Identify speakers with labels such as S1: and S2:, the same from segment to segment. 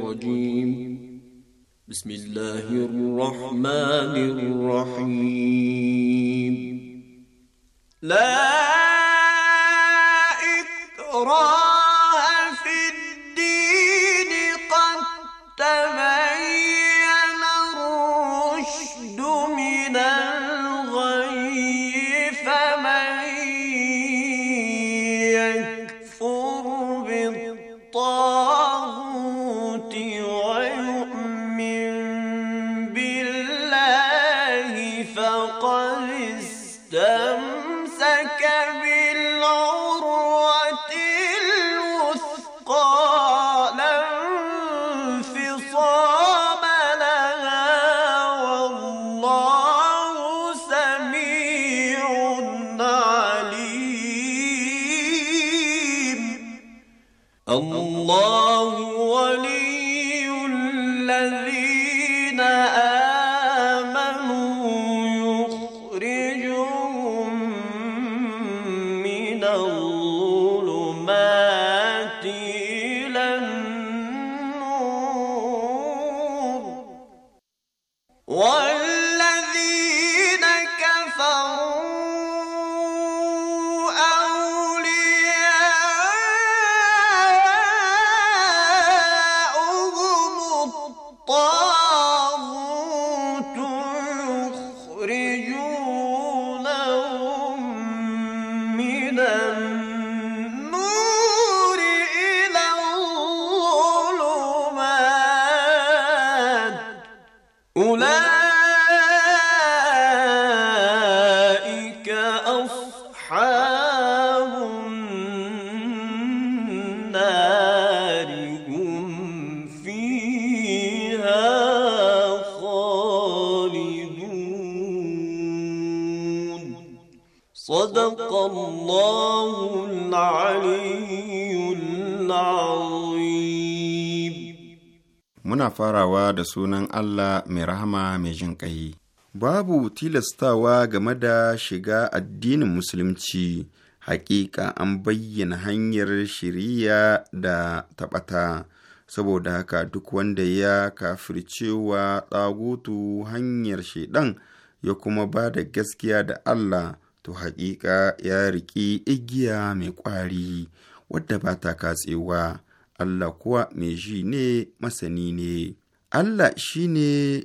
S1: الرجيم بسم الله الرحمن الرحيم لا أصحاب النار هم فيها خالدون صدق الله العلي
S2: muna farawa da sunan Allah mai rahama mai jin ƙai. babu tilastawa game da shiga addinin musulunci hakika an bayyana hanyar shiriya da taɓata saboda haka duk wanda ya kafircewa tsagutu hanyar shaidan ya kuma ba da gaskiya da allah to hakika ya riƙi igiya mai ƙwari wadda ba ta katsewa allah kuwa mai ji ne masani ne allah shi ne.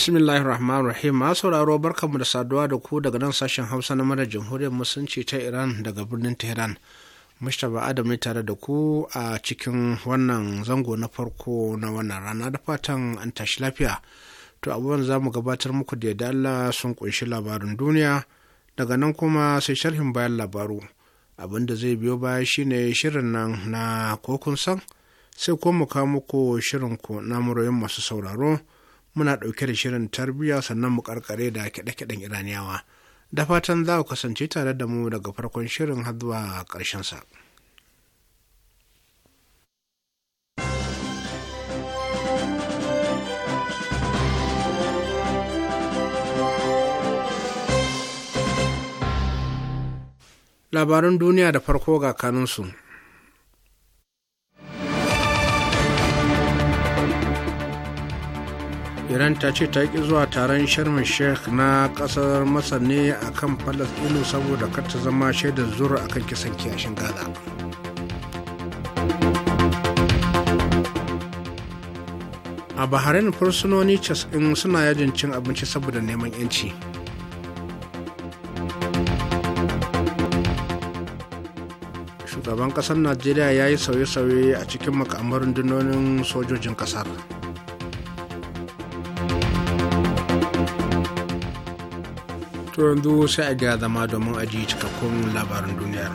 S3: bismillahir rahmanir rahim ma sauraro barkanmu da saduwa da ku daga nan sashen hausa na mara jamhuriyar musulunci ta iran daga birnin tehran mustapha adam ne tare da ku a cikin wannan zango na farko na wannan rana da fatan an tashi lafiya to abubuwan za mu gabatar muku da yadda allah sun kunshi labarin duniya daga nan kuma sai sharhin bayan labaru abin da zai biyo baya shine shirin nan na kokun san sai kuma mu kawo muku shirin ku na masu sauraro muna ɗauke da shirin tarbiyya sannan mu karkare da kiɗe-kiɗen iraniyawa da fatan za ku kasance tare da mu daga farkon shirin har zuwa ƙarshen sa. labaran duniya da farko ga kanunsu iran ta ce ta ƙi zuwa taron sharmin sheikh na ƙasar masar ne a kan falasɗinu saboda kar ta zama shaidar zura a kan kisan kiyashin gaza a bahrain fursunoni casa'in suna yajin cin abinci saboda neman 'yanci shugaban ƙasar najeriya ya yi sauye-sauye a cikin makamarin dunonin sojojin ƙasar to yanzu sai a ga zama domin aji cikakkun labarin duniya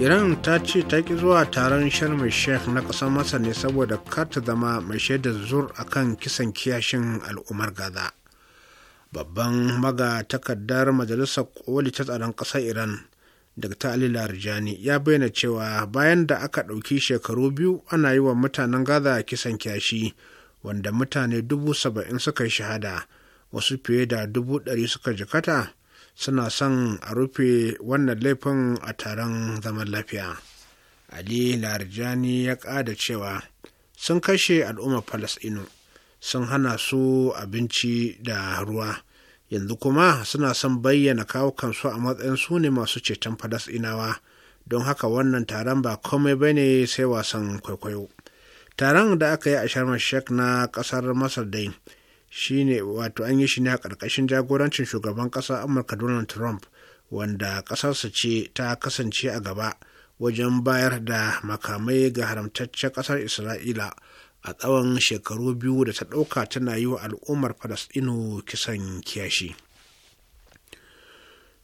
S3: iran ta ce ta ki zuwa taron shan sharm sheikh na ƙasar masar ne saboda kar ta zama mai shaidar zur a kan kisan kiyashin al'ummar gaza babban maga takardar majalisar koli ta tsaron ƙasar iran dr ali larijani ya bayyana cewa bayan da aka ɗauki shekaru biyu ana yi wa mutanen gaza kisan kiyashi wanda mutane dubu saba'in suka yi shahada wasu fiye da dubu ɗari suka jikata suna son a rufe wannan laifin a taron zaman lafiya ali larjani ya ƙada cewa sun kashe al'ummar falasɗinu sun hana su abinci da ruwa yanzu kuma suna son bayyana kawo kansu a matsayin su ne masu ceton falasɗinawa don haka wannan taron ba komai ba ne sai wasan kwaikwayo taron da aka yi a sharm na ƙasar masar dai shine wato an yi shi ne a ƙarƙashin jagorancin shugaban ƙasa amurka donald trump wanda ƙasarsa ce ta kasance a gaba wajen bayar da makamai ga haramtaccen ƙasar isra'ila a tsawon shekaru biyu da ta ɗauka tana yi wa al'ummar falasɗinu kisan kiyashi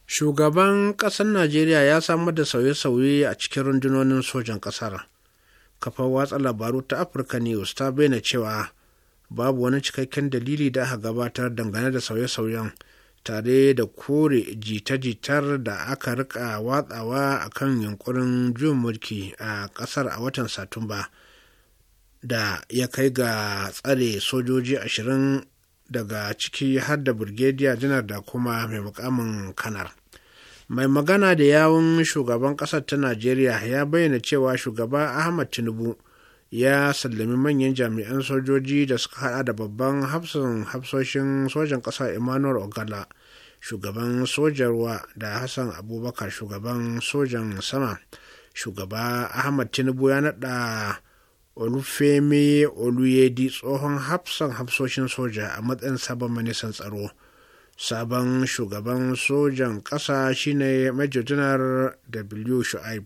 S3: shugaban ƙasar najeriya ya samar da sauye-sauye a cikin rundunonin sojan ƙasar kafar watsa labaru ta afirka news ta bayyana cewa babu wani cikakken dalili da aka gabatar dangane da sauye-sauyen tare da kore jita-jitar da aka rika watsawa a kan yunkurin juyin mulki a kasar a watan satumba da ya kai ga tsare sojoji ashirin daga ciki har da birgediya janar da kuma mai mukamin kanar mai magana da yawun shugaban kasar ta najeriya ya bayyana cewa shugaba ahmad tinubu ya sallami manyan jami'an sojoji da suka hada da babban hafsan hafsoshin sojan ƙasa emmanuel ogala shugaban sojarwa da hassan abubakar shugaban sojan sama shugaba ahmad tinubu ya nada olufemi oluyedi tsohon hafsan hafsoshin soja a matsayin sabon manisan tsaro sabon shugaban sojan ƙasa shine major general w shu'aib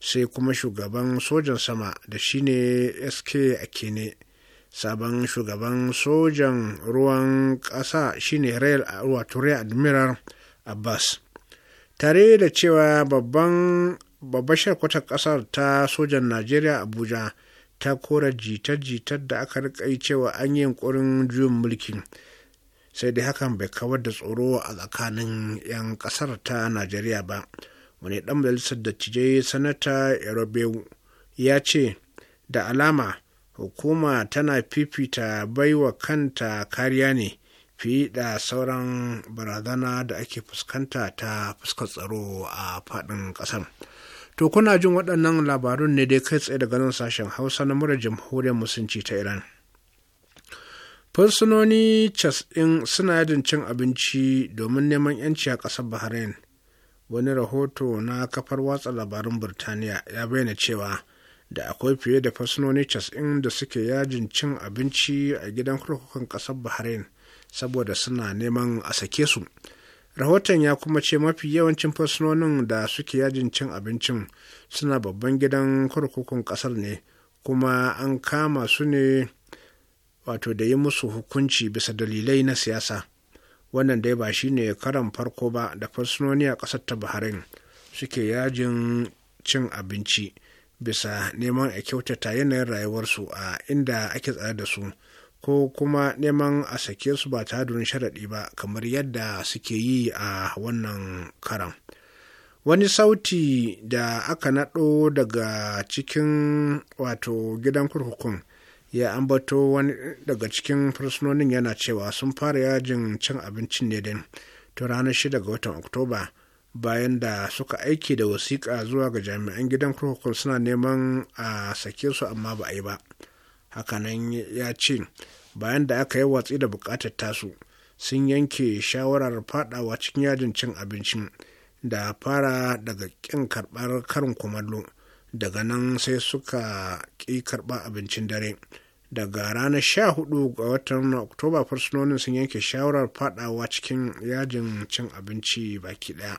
S3: sai kuma shugaban sojan sama da shine sk akene sabon shugaban sojan ruwan ƙasa shine rail wato real admiral abbas tare da cewa babban babbar sharkwatar ƙasar ta sojan najeriya abuja ta kora jita-jitar da aka rikai cewa an yi yunkurin juyin mulkin sai dai hakan bai kawar da tsoro a tsakanin 'yan kasar ta najeriya ba wani dan majalisar dattijai sanata erobeu ya ce da alama hukuma tana fifita baiwa kanta kariya ne fiye da sauran barazana da ake fuskanta ta fuskar tsaro a faɗin ƙasar. To kuna jin waɗannan labarun ne dai kai tsaye daga nan sashen Hausa na murar jamhuriyar musulunci ta Iran. Fursunoni cas ɗin suna yadin cin abinci domin neman 'yanci a ƙasar Bahrain. wani rahoto na kafar watsa labarun birtaniya ya bayyana cewa da akwai fiye da fasinoni casa'in da suke yajin cin abinci a gidan kurkukan ƙasar bahrain saboda suna neman a sake su rahoton ya kuma ce mafi yawancin fursunonin da suke yajin cin abincin suna babban gidan kurkukun ƙasar ne kuma an kama su ne wato da yi musu hukunci bisa dalilai na siyasa wannan dai ba shine karan farko ba da fursunoni a ƙasar ta bahrain suke yajin cin abinci bisa neman a kyautata yanayin rayuwarsu a inda ake tsare da su ko kuma neman a sake su ba tare da sharaɗi ba kamar yadda suke yi a wannan karan wani sauti da aka naɗo daga cikin wato gidan kurkukun ya ambato wani daga cikin fursunonin yana cewa sun fara yajin cin abincin ne din ta ranar shida ga watan oktoba bayan da suka aiki da wasiƙa zuwa ga jami'an gidan kurkukun suna neman a sake su amma ba a yi ba hakanan ya ce bayan da aka yi watsi da buƙatar tasu sun yanke shawarar faɗawa cikin yajin cin abincin da fara daga ƙin karɓar karin kumallo daga nan sai suka ƙi karɓa abincin dare daga ranar sha-hudu ga watan oktoba fursunonin sun yanke shawarar fadawa cikin yajin cin abinci baki daya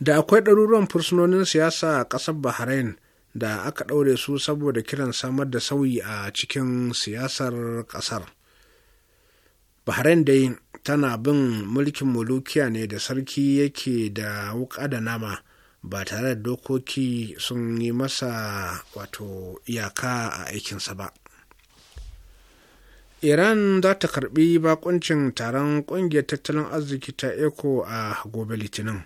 S3: da akwai ɗaruruwan fursunonin siyasa a ƙasar bahrain da aka ɗaure su saboda kiran samar da sauyi a cikin siyasar ƙasar bahrain dai tana bin mulkin mulukiya ne da sarki yake da wuƙa da nama ba tare da dokoki sun yi masa wato iyaka a aikinsa ba iran za ta karbi bakuncin taron kungiyar tattalin arziki ta eco a gobe litinin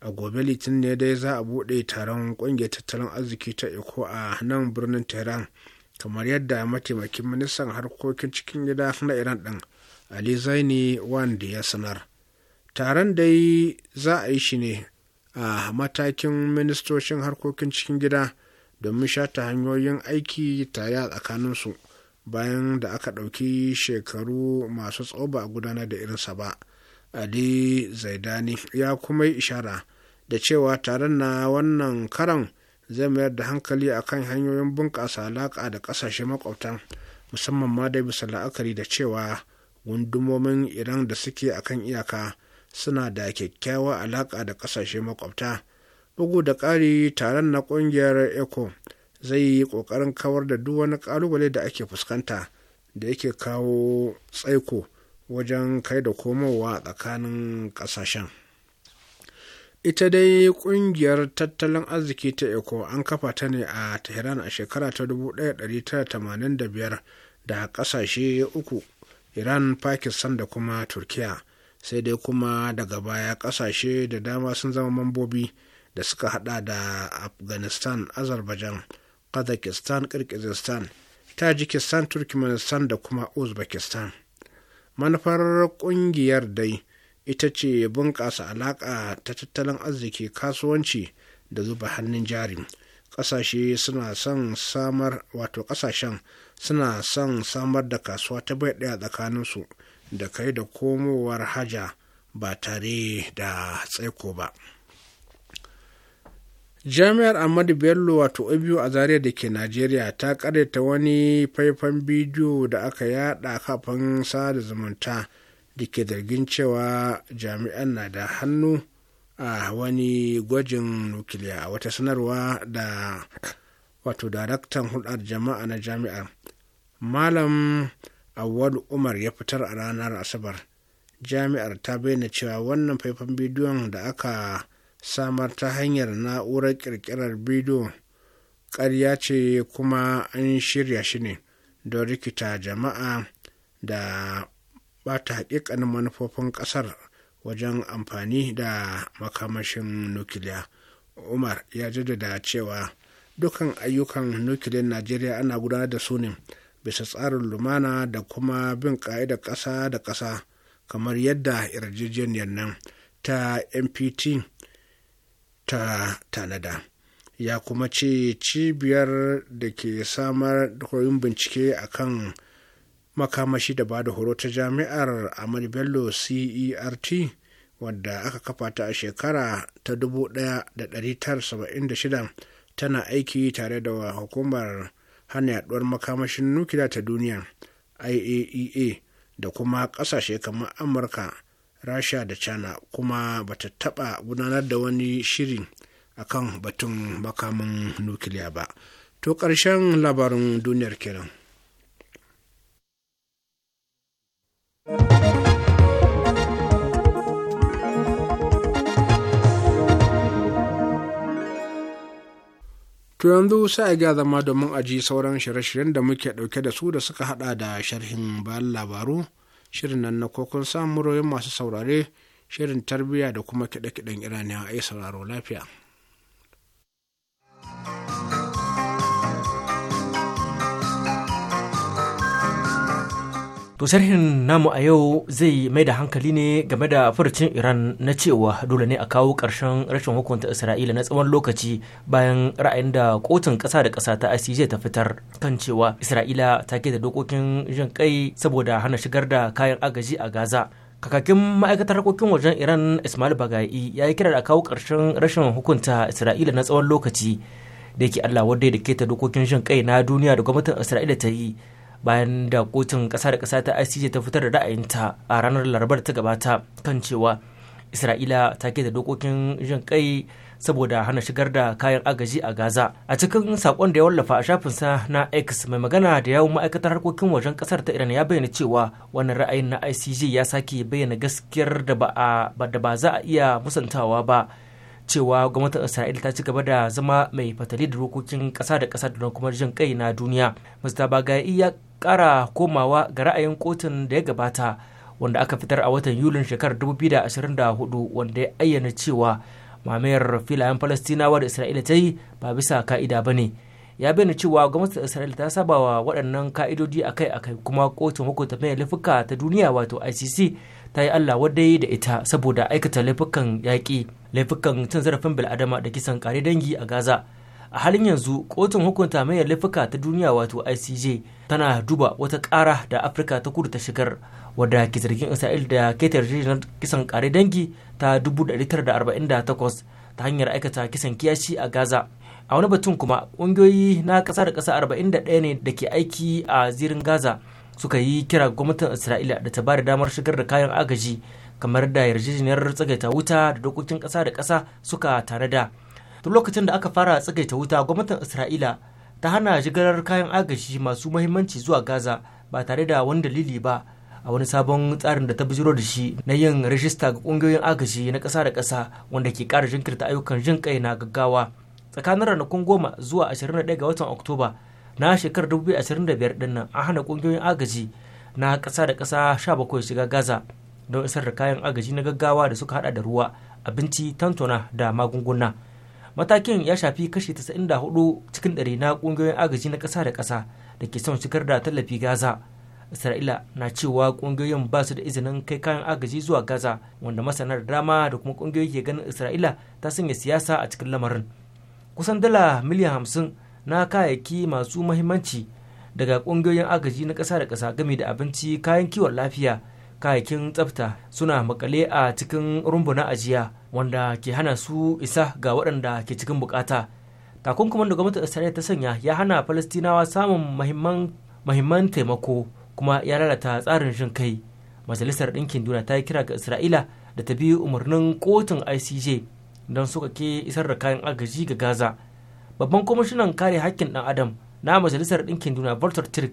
S3: a gobe litinin ne dai za a bude taron kungiyar tattalin arziki ta eco a nan birnin tehran kamar yadda mataimakin ministan harkokin cikin gida na iran din ali zaini wanda ya sanar taron dai za a yi shi ne a matakin ministocin harkokin cikin gida domin shata hanyoyin aiki tare a tsakaninsu bayan da aka ɗauki shekaru masu tsawo a gudanar da irinsa ba ali zaidani ya kuma yi ishara da cewa taron na wannan karan zai mayar da hankali akan hanyoyin bunƙasa alaƙa da ƙasashe makwabtan musamman ma dai bisa la'akari da cewa gundumomin iran da suke akan iyaka suna da kyakkyawa alaƙa da ƙasashe makwabta bugu da ƙari taron na ƙungiyar eco zai yi ƙoƙarin kawar da duk wani ƙalubale da ake fuskanta da yake kawo tsaiko wajen kai da komowa tsakanin ƙasashen ita dai ƙungiyar tattalin arziki ta eco an kafa ta ne a tehran a shekara ta 1985 da ƙasashe uku iran pakistan da kuma turkiya sai dai kuma daga baya kasashe da dama sun zama mambobi da suka hada da afghanistan azerbaijan kazakistan kirgizistan tajikistan turkmenistan da kuma uzbekistan manufar kungiyar dai ita ce bunƙasa alaƙa ta tattalin arziki kasuwanci da zuba hannun jari ƙasashe suna son samar wato ƙasashen suna son samar da kasuwa ta bai ɗaya tsakaninsu da kai da komowar haja ba tare da tsaiko ba jami'ar ahmadu bello wato abu a zaria da ke najeriya ta ta wani faifan bidiyo da aka yada kafin sada zumunta da ke zargin cewa jami'an na da hannu a wani gwajin nukiliya wata sanarwa da wato daraktan hulɗar jama'a na jami'ar malam awwal umar ya fitar a ranar asabar jami'ar ta bayyana cewa wannan faifan bidiyon da aka samar ta hanyar na'urar kirkirar bidiyo ƙarya ce kuma an shirya shi ne don rikita jama'a da bata hakikanin manufofin ƙasar wajen amfani da makamashin nukiliya umar ya jaddada cewa dukan ayyukan nukiliyar najeriya ana gudanar da su ne bisa tsarin lumana da kuma bin ƙa'idar ƙasa da ƙasa kamar yadda yarjejeniyar nan ta npt ta tanada ya kuma ce cibiyar da ke samar da koyon bincike a kan makamashi da ba da horo ta jami'ar amal bello cert wadda aka kafa ta a shekara ta 1976 tana aiki tare da hukumar hana yaduwar makamashin nukiliya ta duniya iaea e da kuma kasashe kamar amurka rasha da china kuma bata taba gudanar da wani shiri akan batun makamin nukiliya ba to karshen labarin duniyar kiran To yanzu sai a ga zama domin a ji sauran shirye-shiryen da muke ɗauke da su da suka haɗa da sharhin bayan labaru, shirin nan na kokon samuroyin masu saurare, shirin tarbiyya da kuma kiɗe-kiɗen iraniya a sauraro lafiya.
S4: To sharhin namu a yau zai mai da hankali ne game da furucin Iran na cewa dole ne a kawo ƙarshen rashin hukunta Isra'ila na tsawon lokaci bayan ra'ayin da kotun ƙasa da ƙasa ta ICJ ta fitar kan cewa Isra'ila ta keta dokokin jin kai saboda hana shigar da kayan agaji a Gaza. Kakakin ma'aikatar harkokin wajen Iran Ismail Bagayi ya yi kira da kawo ƙarshen rashin hukunta Isra'ila na tsawon lokaci da yake Allah wadda da keta dokokin jin kai na duniya da gwamnatin Isra'ila ta yi bayan da kotun kasa da kasa ta ICJ ta fitar da ra'ayinta a ranar larabar ta gabata kan cewa Isra'ila ta keta dokokin jin kai saboda hana shigar da kayan agaji a Gaza. A cikin sakon da ya wallafa a shafinsa na X mai magana da yawun ma'aikatar harkokin wajen kasar ta Iran ya bayyana cewa wannan ra'ayin na ICJ ya sake bayyana gaskiyar da ba za a iya musantawa ba. cewa gwamnatin isra'ila ta ci gaba da zama mai fatali da rokokin kasa da kasa da kuma jin kai na duniya mr bagai ya kara komawa ga ra'ayin kotun da ya gabata wanda aka fitar a watan yulin shekarar 2024 wanda ya ayyana cewa mamayar filayen falastinawa da isra'ila ta yi ba bisa ka'ida ba ne ya bayyana cewa gwamnatin isra'ila ta saba wa waɗannan ka'idodi akai-akai kuma kotun hukunta mai laifuka ta duniya wato icc ta yi allah wadai da ita saboda aikata laifukan yaƙi laifukan cin zarafin bil'adama da kisan kare dangi a gaza a halin yanzu kotun hukunta mai laifuka ta duniya wato icj tana duba wata kara da afirka ta kudu ta shigar wadda ke zargin isra'il da keta yarjejeniyar kisan kare dangi ta 1948 ta hanyar aikata kisan kiyashi a gaza a wani batun kuma ƙungiyoyi na ƙasa da ƙasa 41 ne da ke aiki a zirin gaza suka yi kira gwamnatin isra'ila da ta ba da damar shigar da kayan agaji kamar da yarjejeniyar tsagaita wuta da dokokin ƙasa da ƙasa suka tare da tun lokacin da aka fara tsagaita wuta gwamnatin isra'ila ta hana jigarar kayan agaji masu mahimmanci zuwa gaza ba tare da wani dalili ba a wani sabon tsarin da ta bijiro da shi na yin rajista ga kungiyoyin agaji na ƙasa da ƙasa wanda ke ƙara jinkirta ayyukan jin kai na gaggawa tsakanin ranakun goma zuwa 21 ga watan oktoba na shekarar 2025 din nan an hana kungiyoyin agaji na ƙasa da ƙasa 17 shiga gaza don isar da kayan agaji na gaggawa da suka hada da ruwa abinci tantona da magunguna matakin ya shafi kashi 94 cikin ɗari na ƙungiyoyin agaji na ƙasa da ƙasa da ke son shigar da tallafi gaza isra'ila na cewa ƙungiyoyin ba su da izinin kai kayan agaji zuwa gaza wanda masanar dama da kuma ƙungiyoyi ke ganin isra'ila ta sanya siyasa a cikin lamarin kusan dala miliyan hamsin na kayayyaki masu mahimmanci daga ƙungiyoyin agaji na ƙasa da ƙasa game da abinci kayan kiwon lafiya kayayyakin tsafta suna makale a cikin rumbuna ajiya wanda ke hana su isa ga waɗanda ke cikin bukata takunkuman da gwamnatin isra'ila ta sanya ya hana falastinawa samun mahimman taimako kuma ya lalata tsarin shin kai majalisar ɗinkin duniya ta yi kira ga isra'ila da ta biyu umarnin kotun icj don suka ke isar da kayan agaji ga gaza babban kwamishinan kare hakkin ɗan adam na majalisar ɗinkin duniya volter tirk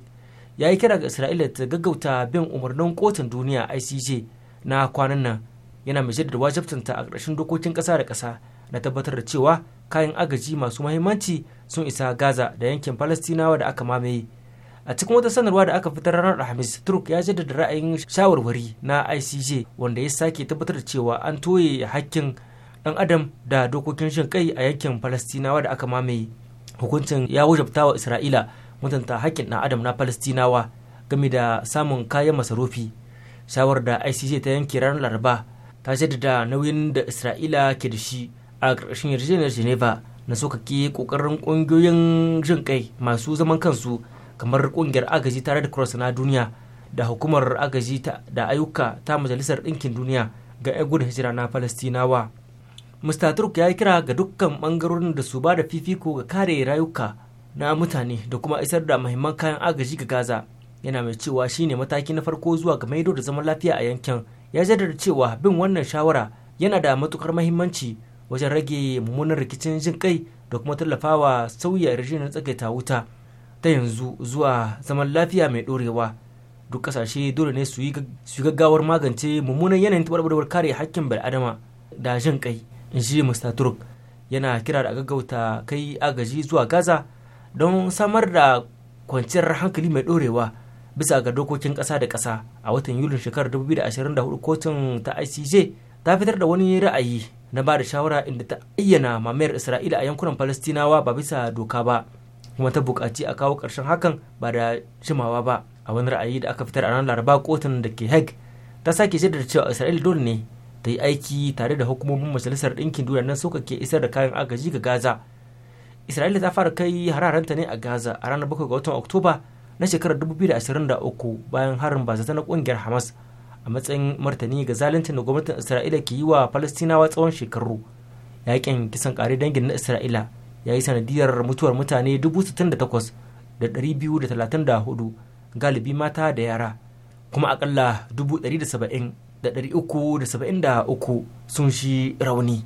S4: ya yi kira ga isra'ila ta gaggauta bin umarnin kotun duniya icj na kwanan nan yana mai jaddada wajibtinta a ƙarshen dokokin ƙasa da ƙasa na tabbatar da cewa kayan agaji masu mahimmanci sun isa gaza da yankin falastinawa da aka mamaye a cikin wata sanarwa da aka fitar ranar alhamis turk ya jaddada ra'ayin shawarwari na icj wanda ya sake tabbatar da cewa an toye hakkin dan adam da dokokin shin kai a yankin falastinawa da aka mamaye hukuncin ya wajabta wa isra'ila mutunta hakkin dan adam na falastinawa game da samun kayan masarufi shawar da icj ta yanke ranar laraba ta jaddada nauyin da isra'ila ke da shi a ƙarƙashin yarjejeniyar geneva na sokake ƙoƙarin ƙungiyoyin jin kai masu zaman kansu kamar ƙungiyar agaji tare da cross na duniya da hukumar agaji da ayyuka ta majalisar ɗinkin duniya ga 'yan gudun hijira na falastinawa mr turk ya yi kira ga dukkan ɓangarorin da su ba da fifiko ga kare rayuka na mutane da kuma isar da mahimman kayan agaji ga gaza yana mai cewa shine mataki na farko zuwa ga maido da zaman lafiya a yankin ya jaddada cewa bin wannan shawara yana da matukar mahimmanci wajen rage mummunan rikicin jin kai da kuma tallafawa sauya rijiyar tsakaita wuta ta yanzu zuwa zaman lafiya mai dorewa duk kasashe dole ne su yi gaggawar magance mummunan yanayin tabarbarwar kare hakkin adama da jin kai in ji turk yana kira da gaggauta kai agaji zuwa gaza don samar da kwanciyar hankali mai dorewa bisa ga dokokin ƙasa da ƙasa a watan yulin shekarar 2024 kotun ta icj ta fitar da wani ra'ayi na ba da shawara inda ta ayyana mamayar isra'ila a yankunan falastinawa ba bisa doka ba kuma ta buƙaci a kawo ƙarshen hakan ba da jimawa ba a wani ra'ayi da aka fitar a ranar laraba kotun da ke hague ta sake shaidar cewa isra'ila dole ne ta yi aiki tare da hukumomin majalisar ɗinkin duniya nan suka ke isar da kayan agaji ga gaza isra'ila ta fara kai hararanta ne a gaza a ranar 7 ga watan oktoba na shekarar 2023 bayan harin bazata na kungiyar hamas a matsayin martani ga zalunci da gwamnatin isra'ila ke yi wa falastinawa tsawon shekaru yakin kisan kare dangin na isra'ila ya yi sanadiyar mutuwar mutane 68,234 galibi mata da yara kuma akalla 373 sun shi rauni.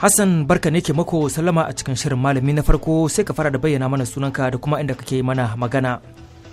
S4: Hassan barka ne ke mako sallama a cikin shirin malami na farko sai ka fara da bayyana mana sunanka da kuma inda kake mana magana.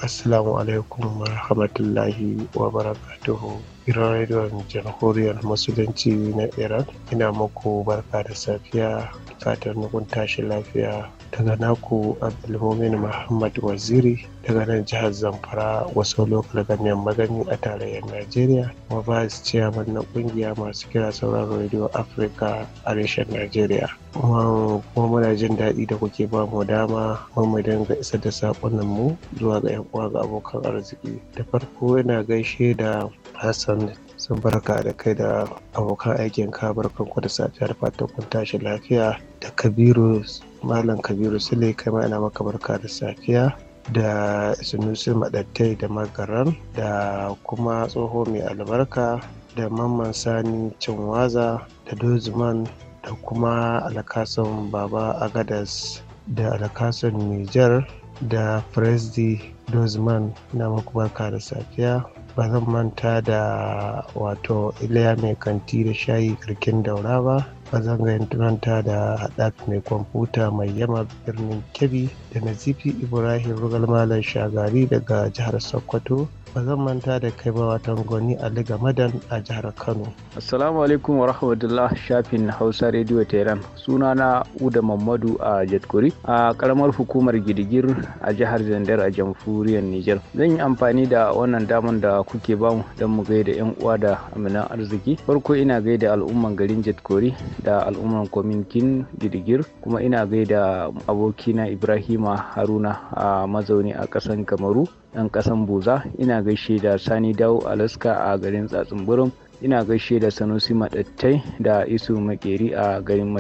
S5: Assalamu alaikum wa rahmatullahi wa barakatuhu. gidan rediyon jamhuriyar musulunci na iran ina muku barka da safiya fatan nukun tashi lafiya daga naku abdulmumin muhammad waziri daga nan jihar zamfara wasu lokal ganyen magani a tarayyar najeriya kuma ba vice chairman na kungiya masu kira sauran radio africa a reshen najeriya kuma muna jin daɗi da kuke ba mu dama mu dinga isa da saƙonan mu zuwa ga yan uwa ga abokan arziki da farko ina gaishe da Hassan sun barka da kai da abokan aikin ka barkanku da safiyar fatan kun tashi lafiya da Kabiru Malam Kabiru Sule kai ma ina maka barka da safiya da Sunusi Madattai da Magaran da kuma tsoho mai albarka da Mamman Sani Cinwaza da Dozman da kuma alakasan Baba Agadas da alakasan Nijar da Presdi Dozman na muku barka da safiya ba zan manta da wato iliya mai kanti da shayi karkin daura ba ba zan manta da haɗaf mai kwamfuta mai yama birnin kebbi da nazifi ibrahim rugal malam shagari
S6: daga jihar sokoto ba zan
S5: manta da kai ba watan gwani Ali Gamadan a jihar
S6: Kano. Assalamu alaikum wa rahmatullah shafin Hausa Radio Tehran. Suna na Uda Mamadu a jadkuri a karamar hukumar Gidigir a jihar Zandar a jamhuriyar niger Zan yi amfani da wannan damar da kuke bamu don mu gaida yan uwa da aminan arziki. Farko ina gaida al'umman garin jadkuri da al'umman kwaminkin Gidigir kuma ina gaida abokina Ibrahima Haruna a mazauni a ƙasan Kamaru ɗan ƙasan Buza, ina gaishe da Sani Dawo Alaska a garin Tsatsunburum, ina gaishe da Sanusi Maɗattai da Isu Makeri a garin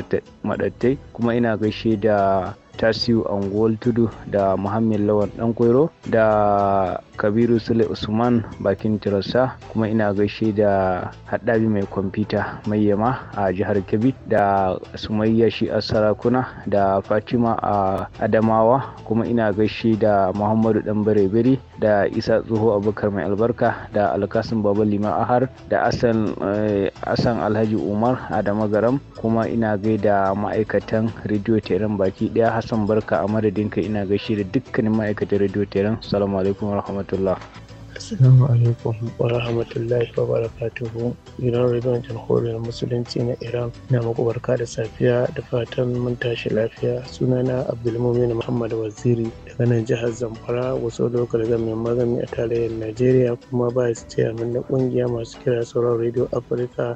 S6: Maɗattai, kuma ina gaishe da Tasiu Angol Tudu da muhammed lawal Ɗan da kabiru sule usman bakin tirasa kuma ina gaishe da haɗabi mai kwamfuta mai yama a jihar kebbi da sumayya shi a sarakuna da fatima a adamawa kuma ina gaishe da muhammadu dan bare da isa tsoho abubakar mai albarka da alkasin baba lima ahar da asan eh, alhaji umar adama garam kuma ina gaida ma'aikatan rediyo teran baki daya hassan barka a madadinka ina gaishe da dukkanin ma'aikatan rediyo teran salamu alaikum wa rahmatullahi rahmatullah Assalamu alaikum wa
S5: rahmatullahi wa barakatuhu gidan rediyon jamhuriyar musulunci na Iran na muku barka da safiya da fatan mun tashi lafiya sunana Abdulmumin Muhammad Waziri daga nan jihar Zamfara wasu lokal gamin magani a tarayyar Najeriya kuma ba su ce na kungiya masu kira sauran rediyo Afirka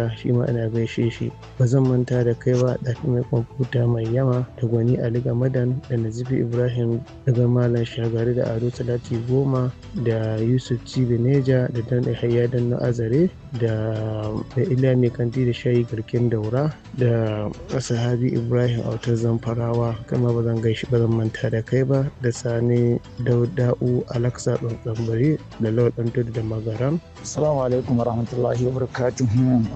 S5: Iliya shi ma ina gaishe shi. Ba zan manta da kai ba dafi mai kwamfuta mai yama da gwani Ali Gamadan da Nazifi Ibrahim daga Malam Shagari da Ado Talati Goma da Yusuf neja da Dan Yahaya Dan na Azare da mai ila mai kanti da shayi garken daura da sahabi ibrahim autar zamfarawa kama ba zan gaishe ba zan manta da kai ba da sani dauda'u alaksa
S7: tsambari da lawan tudu da magaram assalamu alaikum warahmatullahi wabarakatuh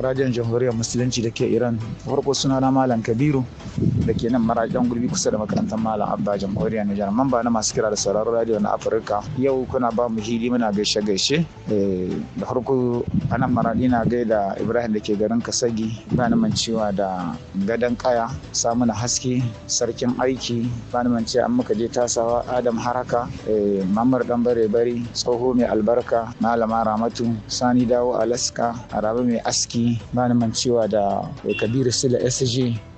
S7: rajin jamhuriyar musulunci da ke iran farko suna na malam kabiru da ke nan marajan gurbi kusa da makarantar malam abba jamhuriyar nijar mamba na masu kira da sauraron radio na afirka yau kuna ba mu hili muna gaishe gaishe eh, da farko a nan maradi na da ibrahim da ke garin kasagi bani mancewa da gadon kaya na haske sarkin aiki bani mancewa an muka je tasawa adam haraka eh, mamar dan bare bari tsoho mai albarka malama ramatu sani dawo alaska arabe mai aski bani mancewa da kabiru sila sg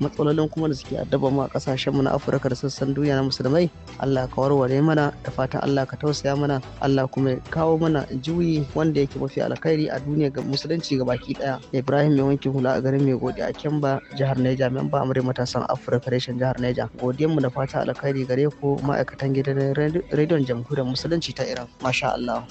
S8: matsalolin kuma da suke addaba mu a kasashen mu na Afirka da sassan duniya na musulmai Allah ka warware mana da fatan Allah ka tausaya mana Allah kuma ya kawo mana juyi wanda yake mafi alkhairi a duniya ga musulunci ga baki daya Ibrahim mai wankin hula a garin mai godiya a Kemba jihar Niger memba amurai matasan Afirka reshen jihar Niger godiyan mu da fatan alkhairi gare ku ma'aikatan gidan rediyon jamhuriyar musulunci ta Iran masha Allah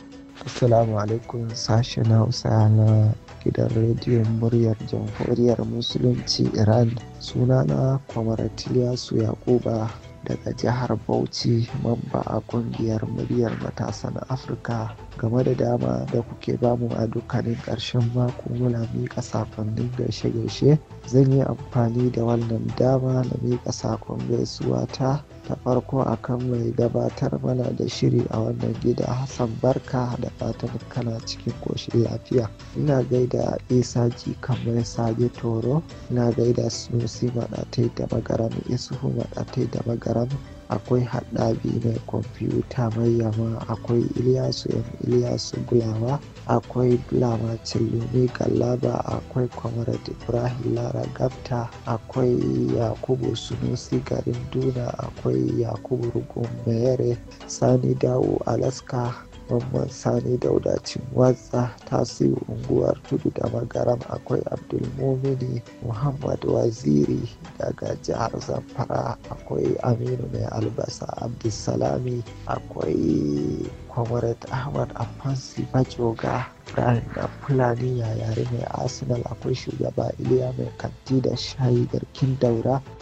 S9: Assalamu alaikum sashe na usa na gidan rediyon muryar jamhuriyar musulunci iran suna sunana kwamaratiliyasu yakuba daga jihar bauchi mamba a kungiyar muryar matasan afirka game da dama da kuke bamu a dukkanin ƙarshen mako muna miƙa sakonnin gaishe-gaishe zan yi amfani da wannan dama na miƙa sakon gaisuwa ta ta farko akan mai gabatar mana da shiri a wannan gida hassan barka da fatan kana cikin koshin lafiya ina gaida isa ji kamar sage toro ina gaida sunusi maɗatai da magaram isuhu maɗatai da magaram akwai haɗabi mai kwamfuta mai yama akwai iliyasu yan iliyasu gulawa akwai bulawa cilomi galaba akwai comrade ibrahim lara gafta akwai yakubu sunusi garin duna akwai yakubu rugun mayere sani dawo alaska Mamman Sani Daudacin Watsa Tasiu Unguwar Tudu da Magaram akwai Abdulmumini Muhammad Waziri daga jihar Zamfara akwai Aminu Mai Albasa Abdulsalami akwai Comrade Ahmad Afansi Bajoga Ibrahim da Fulani yayari mai Arsenal akwai shugaba Iliya mai kanti da shayi garkin daura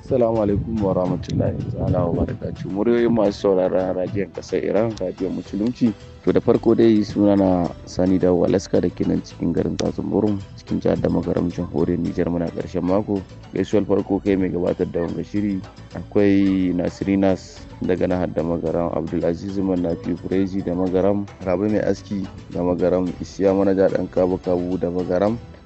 S10: Assalamu alaikum wa rahmatullahi ta'ala wa barakatuh. Muryoyin masu sauraron radiyon kasar Iran, radiyon musulunci. To da farko dai suna na Sani da Walaska da ke nan cikin garin Tsatsun cikin jihar da magaram jamhuriyar Nijar muna karshen mako. Gaisuwar farko kai mai gabatar da wanga shiri akwai Nasirinas daga nahar da magaram Abdulaziz Mannafi Kureji da magaram Rabi Mai Aski da magaram Isiya Manaja Dan Kabu Kabu da magaram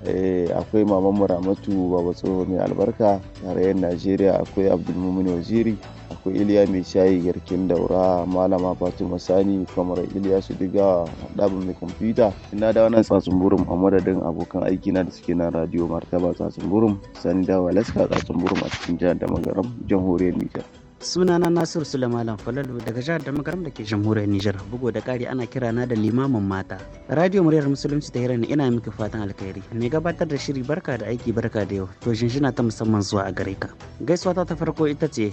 S10: Eh, akwai maman muramatu baba tsoho mai albarka tarayyar najeriya akwai abdulmumin waziri akwai iliya mai shayi garkin daura malama fatima sani kamar iliya su diga ɗabin mai kwamfuta ina da wannan tsatsun burum a madadin abokan aiki na da suke na radio martaba tsatsun burum sani walaska tsatsun burum a cikin jihar da jamhuriyar nijar
S11: sunana nasiru sulaiman falalu daga jihar da makaram da ke jamhuriyar nijar bugu da kari ana kira na da limamin mata radio muryar musulunci ta hirani ina miki fatan alkhairi mai gabatar da shiri barka da aiki barka da yau to shinshina ta musamman zuwa a gare ka gaisuwa ta farko ita ce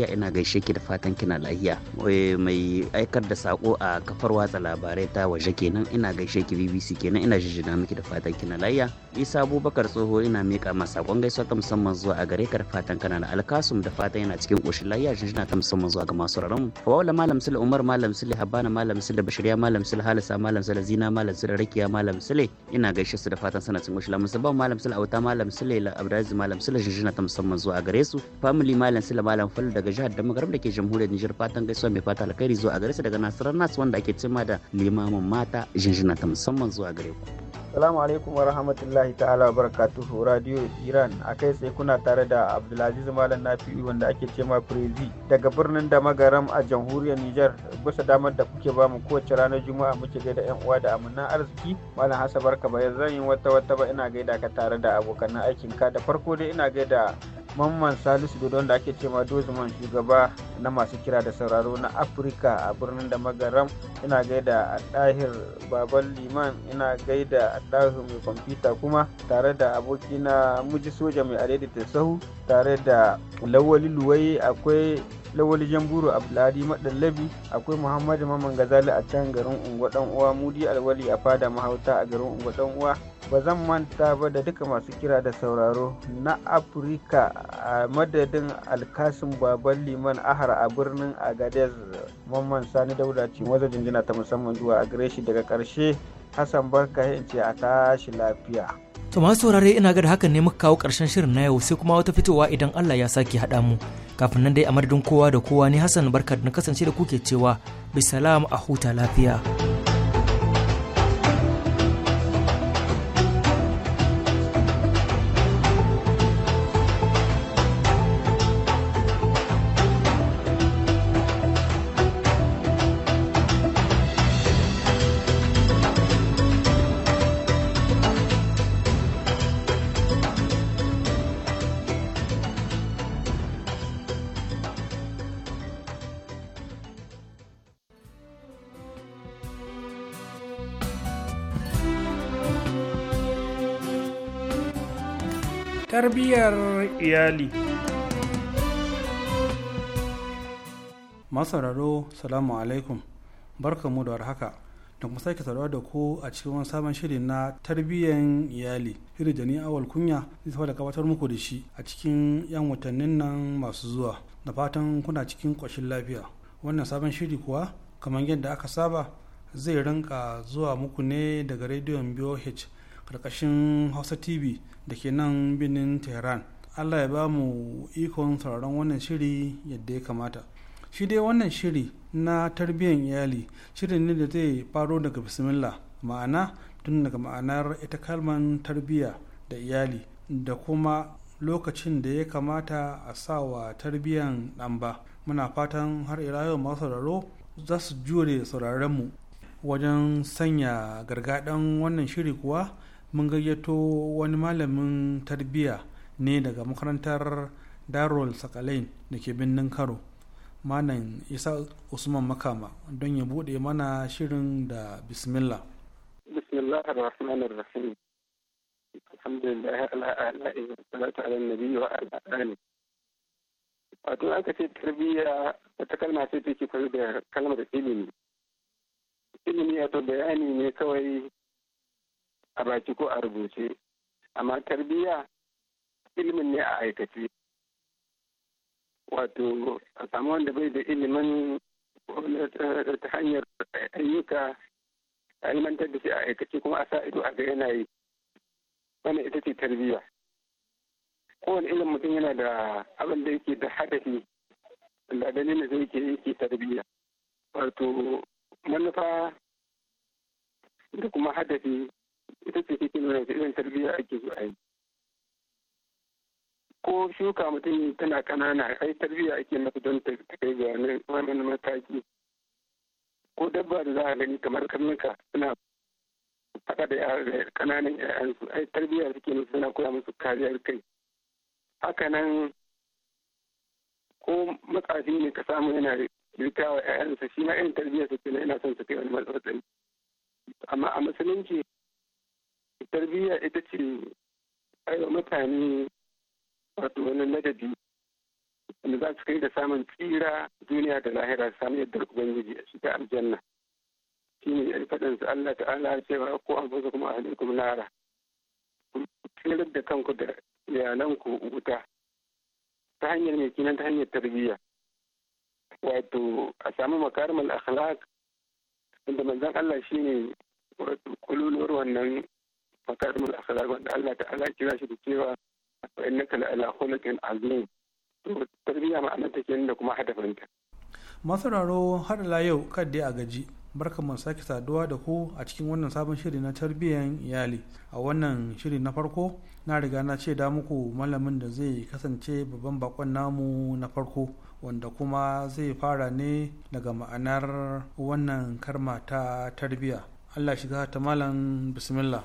S11: lafiya ina gaishe ki da fatan kina lafiya mai aikar da sako a kafar watsa labarai ta waje kenan ina gaishe ki BBC kenan ina jijjina miki da fatan kina lafiya Isa Abubakar tsoho ina mika ma sakon gaisuwa ta musamman zuwa a gare ka da fatan kana da alkasum da fatan yana cikin koshin lafiya jijjina ta musamman zuwa ga masu raron Fawala Malam Sule Umar Malam Sule Habana Malam Sule Bashiriya Malam Sule Halisa Malam Sule Zina Malam Sule Rakiya Malam Sule ina gaishe su da fatan sana cikin koshin lafiya musamman Malam Sule Auta Malam Sule Abdulaziz Malam Sule jijjina ta musamman zuwa gare su family Malam Sule Malam Fal daga daga jihar da magarab da ke jamhuriyar Nijar fatan gaisuwa mai fata alkhairi zuwa gare su daga Nasarar nasu wanda ake cima da limamin mata jinjina ta musamman zuwa gare ku.
S12: Salamu alaikum wa rahmatullahi ta'ala wa barakatuhu Radio Iran a kai sai kuna tare da Abdulaziz Malam Nafi'u wanda ake ce ma Prezi daga birnin damagaram a jamhuriyar Nijar bisa damar da kuke bamu kowace ranar Juma'a muke gaida yan uwa da amanan arziki Malam Hassan barka ba zan yi wata wata ba ina gaida ka tare da abokan aikin ka da farko dai ina gaida Mamman Salisu dodo wanda ake cewa Dozman shugaba na masu kira da sauraro na Afirka a birnin damagaram ina gaida al-dahir Baban Liman ina gaida Allahu mai kwamfuta kuma tare da aboki na muji soja mai da sahu tare da lawali luwai akwai lawali jamburu abdulladi madallabi akwai muhammadu mamman gazali a can garin unguwa dan uwa mudi alwali a fada mahauta a garin unguwa dan uwa ba zan manta ba da duka masu kira da sauraro na afirka a madadin alkasin baban liman ahara a birnin agadez mamman sani dauda ce wajen jinjina ta musamman zuwa a gare shi daga karshe Hassan barka yin ce a tashi lafiya.
S4: To masu saurare ina ga da hakan ne muka kawo ƙarshen shirin na yau sai kuma wata fitowa idan Allah ya sake haɗa mu. Kafin nan dai a madadin kowa da kowa ne Hassan barka na kasance da kuke cewa bisalam a huta lafiya.
S3: tarbiyyar iyali
S13: masararo salamu alaikum barkamu da warhaka da kuma sake saurara da ku a cikin wani sabon shiri na tarbiyyar iyali shiri da ni awal kunya zai saba gabatar muku da shi a cikin yan watannin nan masu zuwa da fatan kuna cikin ƙoshin lafiya wannan sabon shiri kuwa kamar yadda aka saba zai rinka zuwa muku ne daga rediyon boh karkashin hausa tv da ke nan binin tehran allah ya ba mu ikon sauraron wannan shiri yadda ya kamata shi dai wannan shiri na tarbiyyar iyali shiri ne da zai faro daga bismillah ma'ana tun daga ma'anar ita kalman tarbiyya da iyali da kuma lokacin da ya kamata a sawa tarbiyyar ɗan ba muna fatan har ila yau masu sauraro za su jure sauraronmu wajen sanya gargaɗin wannan shiri kuwa mun gayyato wani malamin tarbiyya ne daga makarantar darul sakalain da ke birnin karo manan isa usman makama don ya bude mana shirin da bismillah
S14: bismillah ar-rahman ar-rahim alhamdulillah ala ala'i wa salatu ala nabi wa ala ali wato aka ce tarbiyya wata kalma ce take koyi da kalmar ilimi ilimi wato bayani ne kawai a baki ko a rubuce amma tarbiyya ilimin ne a aikace wato a samu wanda bai da ilimin ta hanyar ayyuka a ilmantar da shi a aikace kuma a sa ido a ga yana yi wannan ita ce tarbiyya kowane ilimin mutum yana da abin da yake da hadafi da ganin da zai ke yake tarbiyya wato manufa da kuma hadafi ita ce take nuna ta irin tarbiyya ake so a yi ko shuka mutum tana ƙanana ai tarbiyya ake masa don ta kai ga wannan mataki ko dabba da za a gani kamar karnuka suna haka da ƙananan ƴaƴansu ai tarbiyya suke musu suna koya musu kariyar kai haka nan ko matsafi ne ka samu yana rika wa ƴaƴansa shi ma irin tarbiyya suke na yana son su kai wani matsatsin amma a musulunci tarbiyya ita ce aiwa mutane wato wani ladabi wanda za su kai da samun tsira duniya da lahira su samu yadda ubangiji a shiga aljanna shi ne yan faɗin su Allah ta'ala cewa ko an fasa kuma a kuma nara tsirar da kanku da iyalanku wuta ta hanyar mai kinan ta hanyar tarbiyya wato a samu makarimar akhlaq wanda manzan Allah shi ne wato kululuwar wannan makarimul akhlaq wanda Allah ta kira shi da cewa fa innaka la ala da kuma
S13: masararo har la yau kan dai a gaji barka mu sake saduwa da ku a cikin wannan sabon shiri na tarbiyyar iyali a wannan shiri na farko na riga na ce da muku malamin da zai kasance babban bakon namu na farko wanda kuma zai fara ne daga ma'anar wannan karma ta tarbiyya allah shiga ta malam bismillah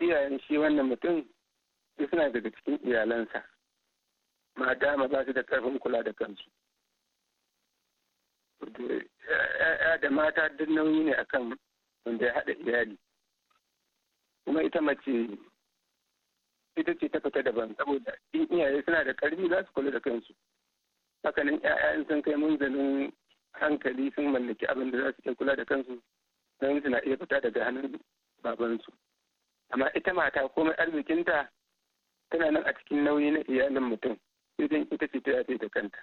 S14: iyayen shi wannan mutum suna daga cikin iyalansa ma ma ba su da karfin kula da kansu ya da mata duk nauyi ne akan wanda ya haɗa iyali kuma ita mace ita ce ta fita daban saboda in iyaye suna da karfi za su kula da kansu hakanan ƴaƴan sun kai munzalin hankali sun mallaki abin da za su iya kula da kansu don suna iya fita daga hannun babansu amma ita mata komai arzikinta tana nan a cikin nauyi na iyalin mutum idan ita ce ta da kanta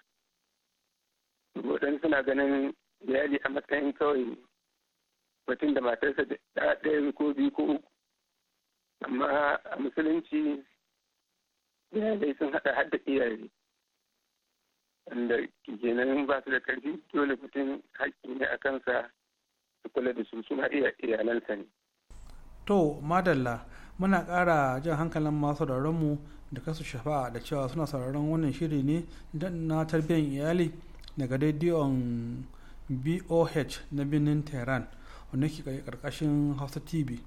S14: waɗansu suna ganin iyali a matsayin kawai mutum da matarsa da ɗaya ko biyu ko uku amma a musulunci iyalai sun haɗa hadda iyali wanda kenan ba su da ƙarfi dole mutum haƙƙi ne a kansa su kula da su suna iya iyalansa ne
S13: to madalla muna ƙara jan hankalin masu mu da kasu shafa da cewa suna sauraron wannan shiri ne na tarbiyyar iyali daga rediyon boh na birnin tehran wanda ke karkashin hausa tv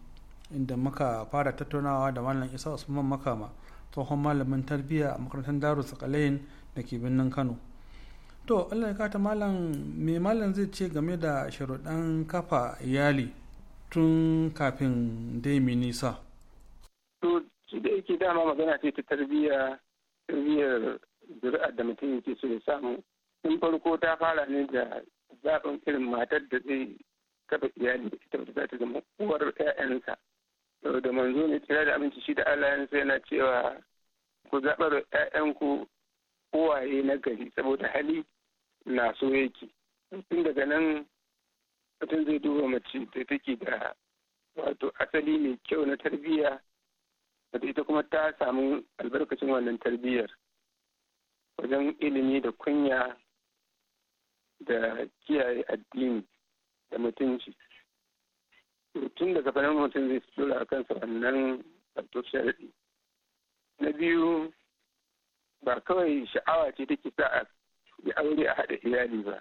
S13: inda muka fara tattaunawa da malam isa usman makama tsohon malamin tarbiyya a makarantar Daru sakalayin da ke birnin kano to allah ya kata malam me malam zai ce game da sharuɗan kafa iyali tun kafin dai mi nisa
S14: to shi da yake dama magana ce ta tarbiyya tarbiyyar zuri'ar da mutum yake so ya samu in farko ta fara ne da zaɓin irin matar da zai kafa iyali da ita za ta zama uwar 'ya'yansa da manzo ne kira da aminci shi da Allah yansa yana cewa ku zaɓar 'ya'yanku uwaye na gari saboda hali na so yake tun daga nan mutum zai duba mace da take da wato asali mai kyau na tarbiyya wato ita kuma ta samu albarkacin wannan tarbiyyar wajen ilimi da kunya da kiyaye addini da mutunci tun daga fanar mutum zai dora kansa wannan wato sharaɗi na biyu ba kawai sha'awa ce take sa a yi aure a haɗa iyali ba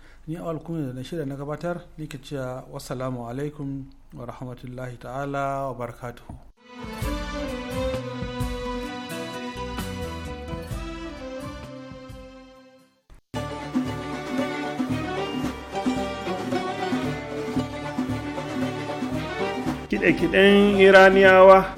S13: ni awal kuma da na shirya na gabatar nake cewa wassalamu alaikum wa rahmatullahi ta'ala wa barakatuhu
S15: kiɗe-kiɗen iraniyawa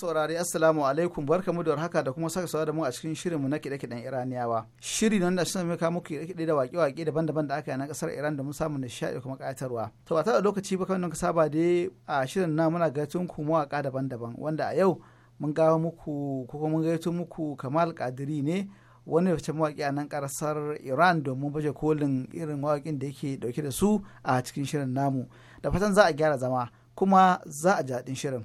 S9: saurari assalamu alaikum barka mu da warhaka da kuma saka da mu a cikin shirinmu na kiɗe-kiɗen iraniyawa shiri nan da shi mai kawo muku kiɗe da waƙe-waƙe daban-daban da aka yi na ƙasar iran da mun samu nishaɗi kuma ƙayatarwa to ba da lokaci ba kamar ka saba dai a shirin na muna gaitun ku mawaƙa daban-daban wanda a yau mun gawo muku ko mun gaito muku kamal kadiri ne wani wacce mawaƙi a nan ƙasar iran domin baje kolin irin mawaƙin da yake dauke da su a cikin shirin namu da fatan za a gyara zama kuma za a ji shirin.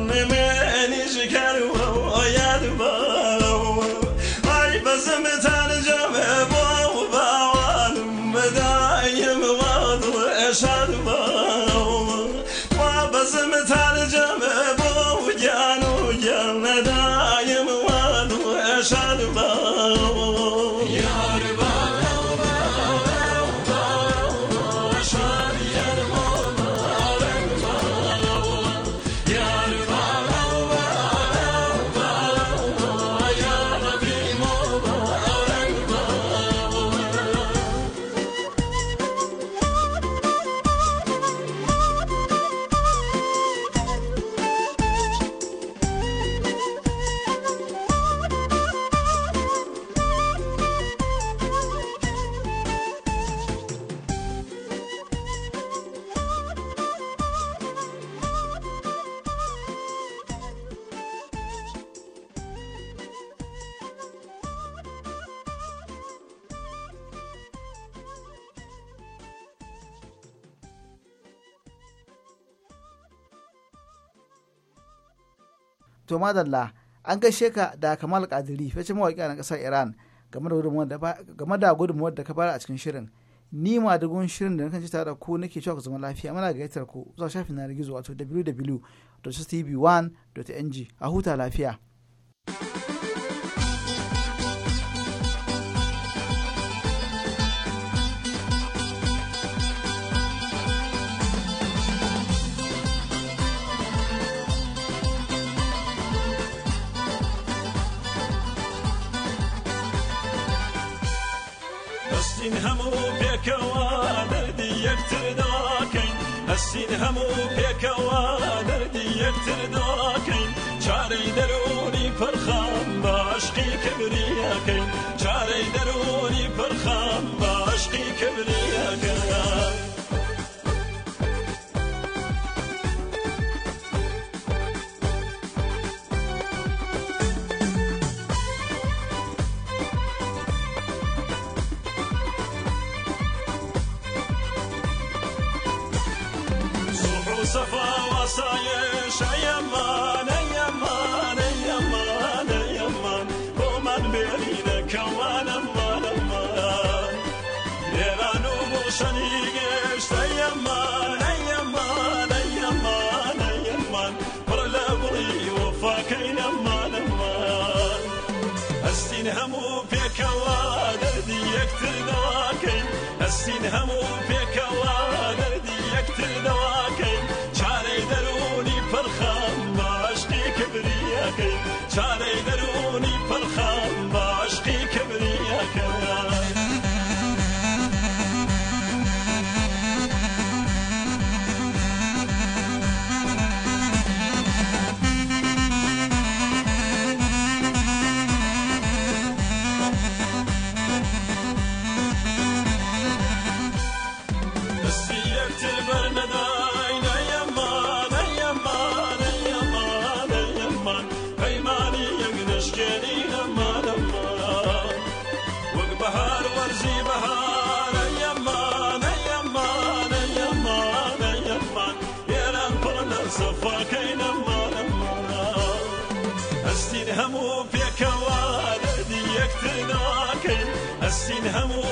S9: me, me. madalla an gaishe ka da kamal kadiri fice mawaƙi na ƙasar iran game da gudunmuwar da ka bayar a cikin shirin ni ma dugun shirin da nakan ci tare da ku nake cewa ku zama lafiya muna gayyatar ku zuwa shafin na gizo wato www.tv1.ng a huta lafiya.
S15: هەستین هەموو پێکەوە دەردی یەکتر داکەین هەستین هەموو پێکەوە دەردی یەکتر داکەین چارەی دەرونی پرخام باشقی کبریەکەین چارەی دەرونی پرخام همون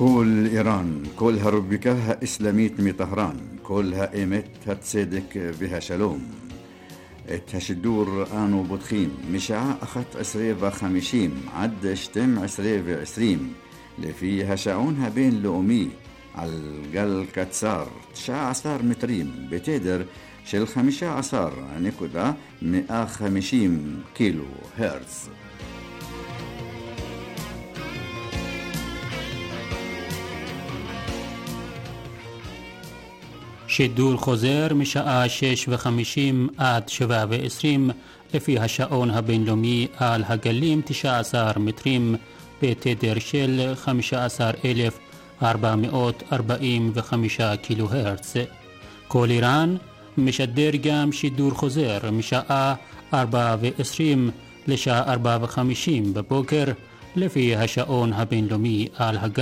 S2: كل إيران كل هربك ها إسلاميت مي طهران كل ها إيمت هتصدق بها شلوم اتهشدور آنو بوتخيم مشاع أخت أسري وخمشيم عد شتم أسري وعسريم لفي هشعون بين لومي على قل كتسار تشاع عصار متريم بتدر شل خمشة عصار نكودا مئة خمشيم كيلو هرتز
S5: שידור חוזר משעה וחמישים עד ועשרים לפי השעון הבינלאומי על הגלים 19 מטרים בתדר של 15,445 קילו הרץ. כל איראן משדר גם שידור חוזר משעה ועשרים לשעה וחמישים בבוקר לפי השעון הבינלאומי על הגל